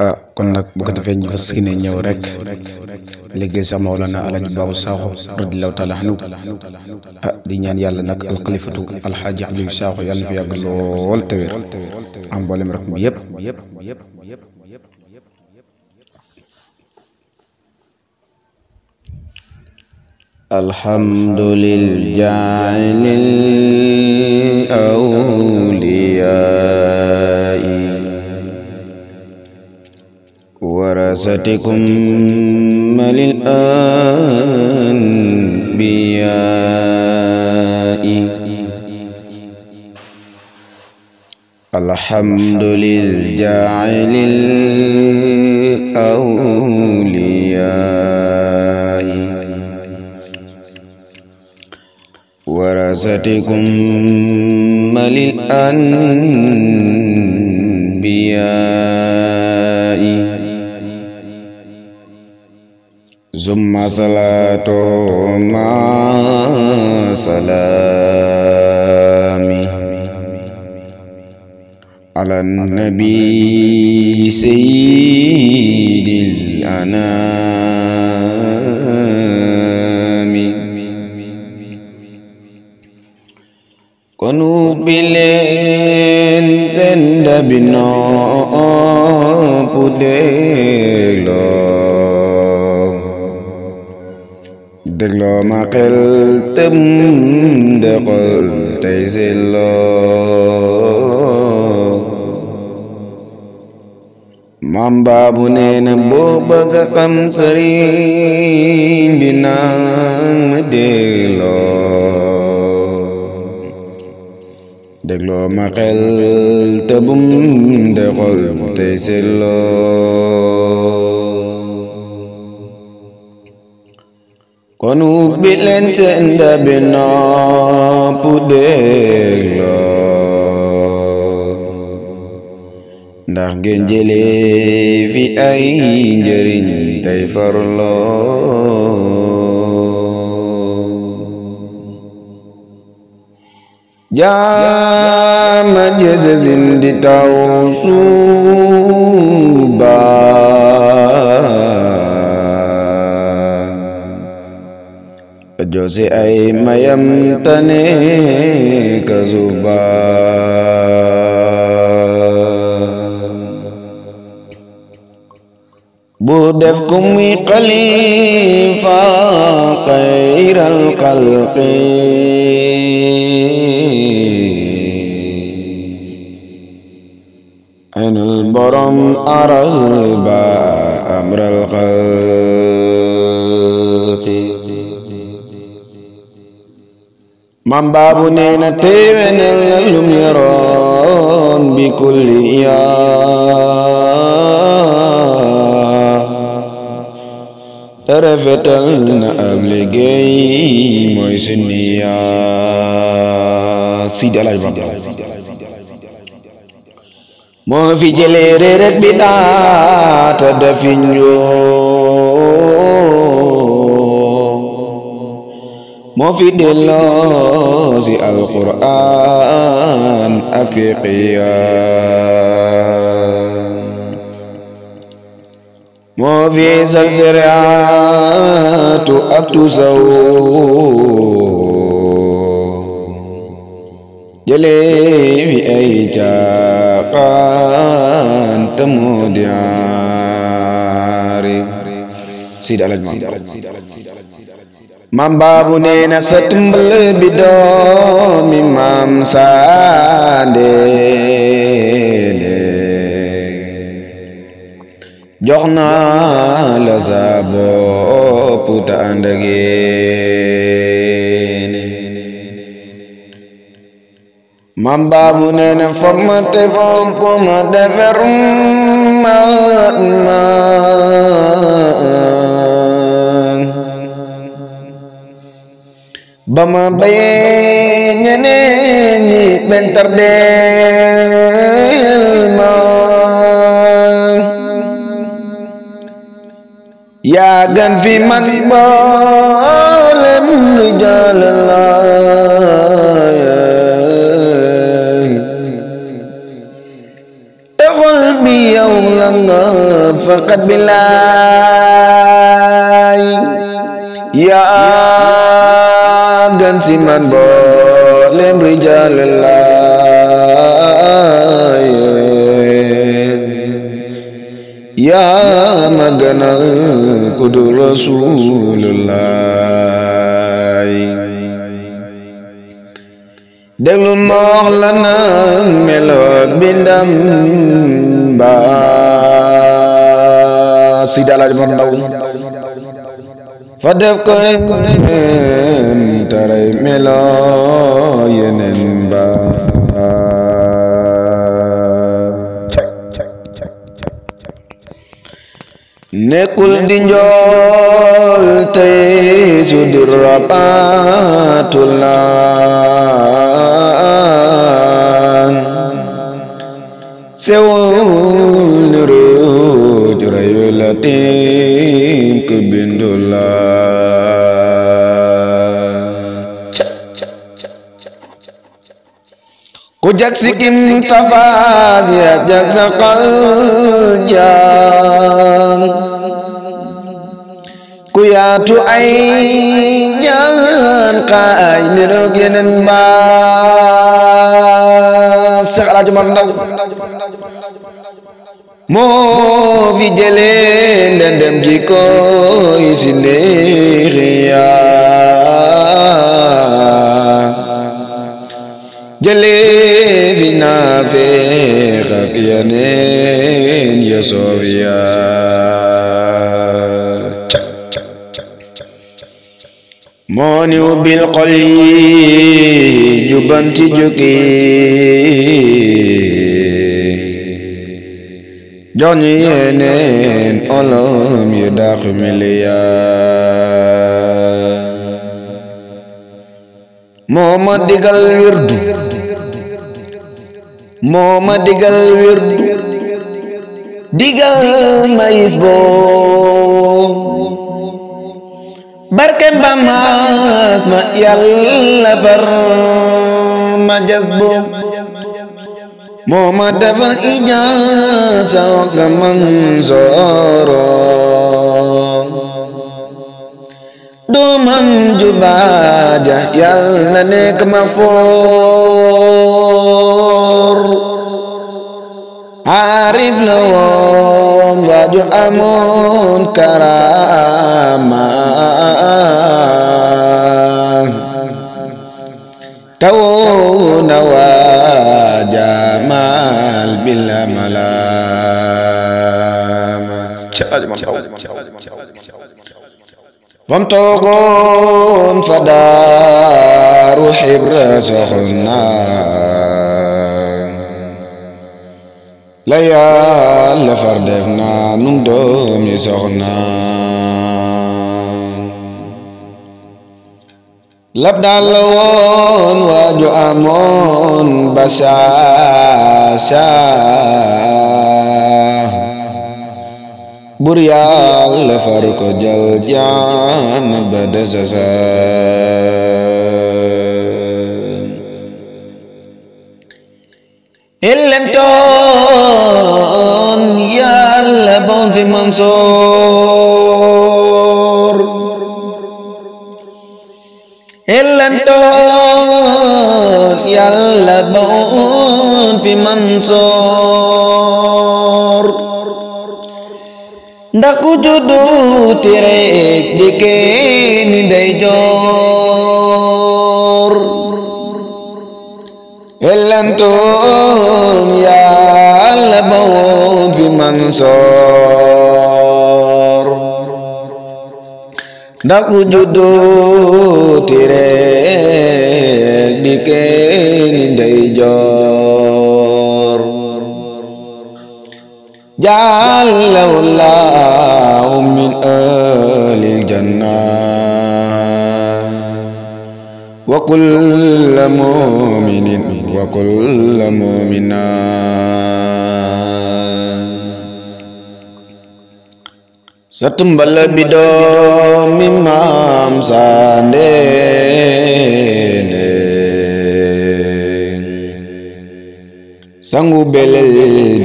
a ah, kon nag bu ko defee ñu fas yéene ñëw rek a sax Mawlana Alaaji Baabu Saaxo radiyallaahu taala anhu ah di ñaan yàlla nag alxalifatu alxaaji Aliou Saaxo yàlla na fi yàgg lool te wér am mboolem rek bi yëpp الحمد للجعل الأولياء بعثتكم الأنبياء الحمد للجاعل الأولياء ورثتكم الأنبياء ثم صلاة مع سلامي على النبي سيد الأنام قنوب زند تندبنا بدلو dégloo ma xel tëm de xol tey selloo maam baabu nee na boo bëgg a xam sëriñ bi naan ma dégloo dégloo ma xel tëbum de xol tey selloo kon bilen leen bina tabi nopp dégloo fi ay njëriñ tey farloo Jama jësësin di tau suba. جزئي ما يمتني بودف بودفكم خليفة خير الخلق ان البرم أرزبا أمر الخلق mam baabu nee na téewenel na bi kulli yaa moo fi jëlee réer bi daata dafi ñoo Mohon dilahasi Al-Quran akhir pekan, mohon saksirnya, tu ak tu sauh, jelihi Seydi Alaaji Maam maam baabu nee na sa tëmbal bi doomi maam saande jox naa la sa bopp ta ànd ak yéene maam baabu nee na formaté fomp ma defer Bama benye nih bentar deh ya ganfi man bolem di jalan. فقد بالله يا dan si mabolem ya madana kudu rasulullah delu maulana melod bindam bah سيد الله جمال نو فدف كوين تري ملا ينبا nekkul di njool Te su di rabatulaan jag si kim tafaas ya jag sa xal jaan ku yaatu ay jaan xaay niroog yeneen baas Seex Alaaji Mar Ndaw moo fi jëlee ndendem ji koy si neexi yaa naafee xaqyaneen yasoof yaa moo ni ubbil xol yi jubanti jukki jox ñu yeneen olom yu dàq miliyaar moo ma digal wirdu moo ma digal wird digal ma is boo barke bamaas ma yàlla far ma jas boo moo ma defal ijaasa man sooro Dumam juba jubaja yal na Arif ma foor amun la woon waaju amoon karaama tawoo na waa jamaal bila malaama fam toogoon fa daaru xibra soxna la yàlla far def la woon waaju amoon basaasa Buryal Farko Jal Jan Badasasan Ilan ya labon Bonfi Mansur Ilan ya labon Bonfi Mansur Daku যদু তেরে একদিকে নিদেই জোর এলেন তো বিমান ডাকু যদু তেরে একদিকে وكل مؤمن وكل مؤمنات ستنبل بدوم مام ساندين سانغو بلل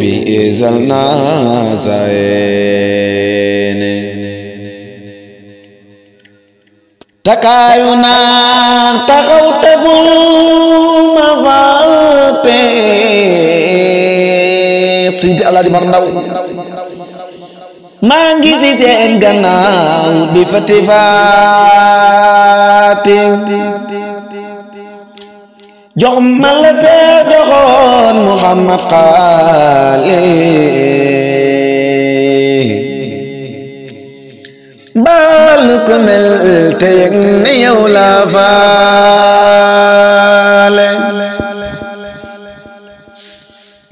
بي ازلنا سايه takaayu naan taxaw ma faate Seydi Ndaw maa si seen gannaaw di fati faate jox ma la see joxoon Muhammad Xaali mel te yëg ne yow laa faale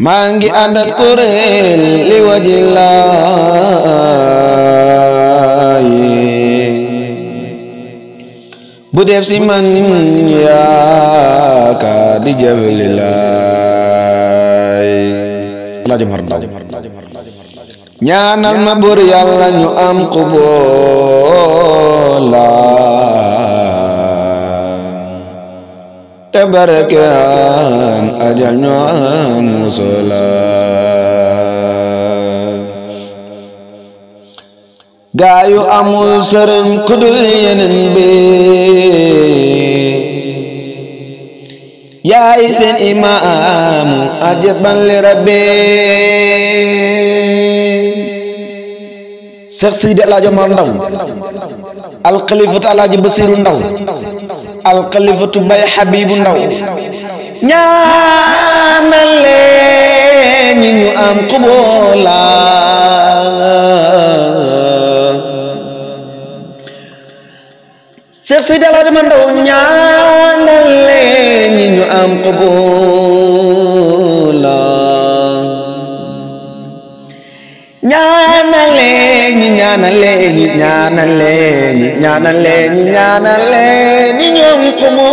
maa ngi ànd ak kuréel si man yaakaar di jafe li ma bur am te barke aan ajal ñu aan musula gaayu amul sëriñ ku dul yeneen bi yaay seen imaam ajaban li rabbi Seex Sidi El Hadji Omar alxalifatu alaaji basiru ndaw alxalifatu bay xabibu ndaw ñaanal leen ñi ñu am ndaw ñaanal leen ñi ñu am xuboola ñaanal leen ñi ñaanal leen ñi ñaanal leen ñi ñaanal leen ñi ñoom ku mu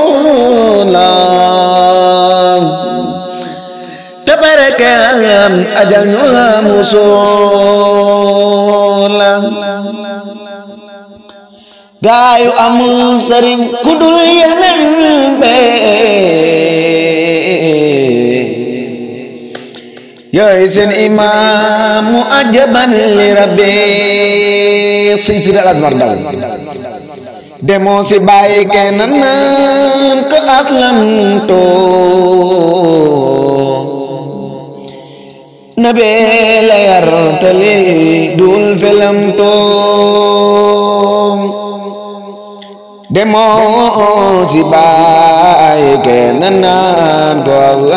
laam te barakaam ajal ñu amu soola gaayu amul sëriñ ku dul yeneen bee yooyu seen imaam mu ajaban li rabbi suy si daal admar daw demoo si bàyyi kenn naan ko aslamto nabe la yartali dul felamto demoo ci baay kenn naan ko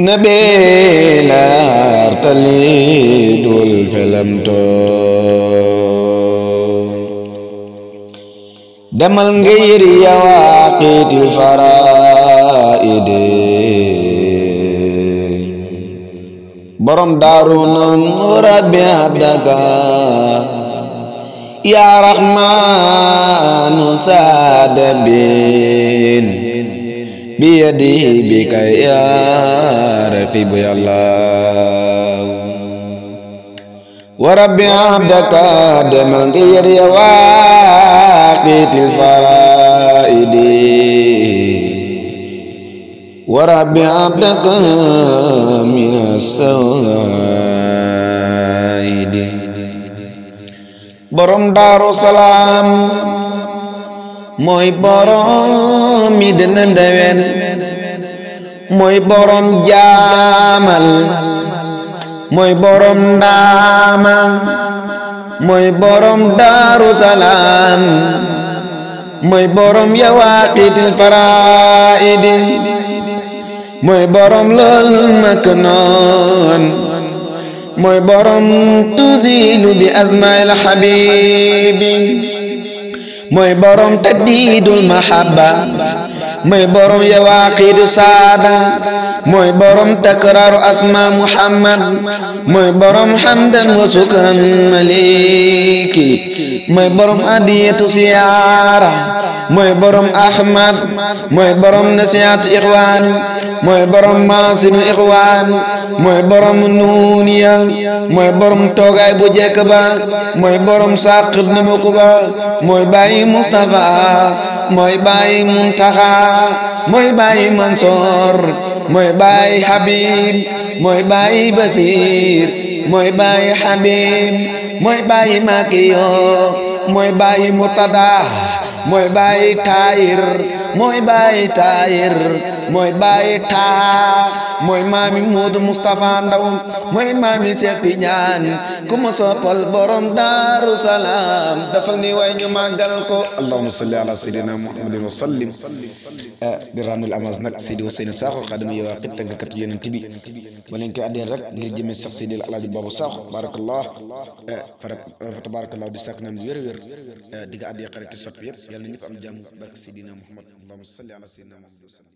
na beelaar tali dul felamtoo demal ngir yawaaqiti faraide borom daaru nu rabbi abdaka yaa rahmaanu saada bi yadi bi ka yaa raqibu yàlla wa abdaka demal ngi yër ya waaqitil ورب عبدك من السوائد borom daaru mooy borom mi dina mooy borom jaamal mooy borom ndaama mooy borom daaru mooy borom yawaaqitil faraa'idi موي برم للمكنان موي برم تزيل بأزمة الحبيب موي برم تديد المحبة موي برم يواقيد سعادة موي برم تكرار أسماء محمد موي برم حمدا وشكرا مليكي موي برم أدية سيارة موي برم أحمد موي برم نسيات إخوان mooy borom maasinu ixwaan mooy borom nuuniya mooy borom toogaay bu jekk ba mooy borom sàqit na ma ko ba mooy bàyyi Mustafa mooy bàyyi Muntaxa mooy bàyyi Mansoor mooy bàyyi Habib mooy bàyyi Basiir mooy bàyyi Habib mooy bàyyi Makiyo mooy bàyyi Murtada mooy bàyyi Taayir mooy bàyyi Taayir mooy bàyyi taa mooy maami Moodu Moustapha Ndaw mooy maami Seex ku ma soppal borom daaru salaam dafal ni way ñu màggal ko allahumma salli ala sayyidina muhammadin wa sallim eh, di ramil amas nag Seydi Ousseynou Sakho xadama yow xit tàggkat yonent bi ma leen koy addeen rek ngir jëmee sax Seydi Alaaji Baabu Sakho barakallah eh, eh, fa tabarakallah di sàkk naan wér wér di nga addee xarit sopp yëpp yàlla na ñëpp am jàmm barke Seydina Muhammad allahumma salli ala sayyidina muhammad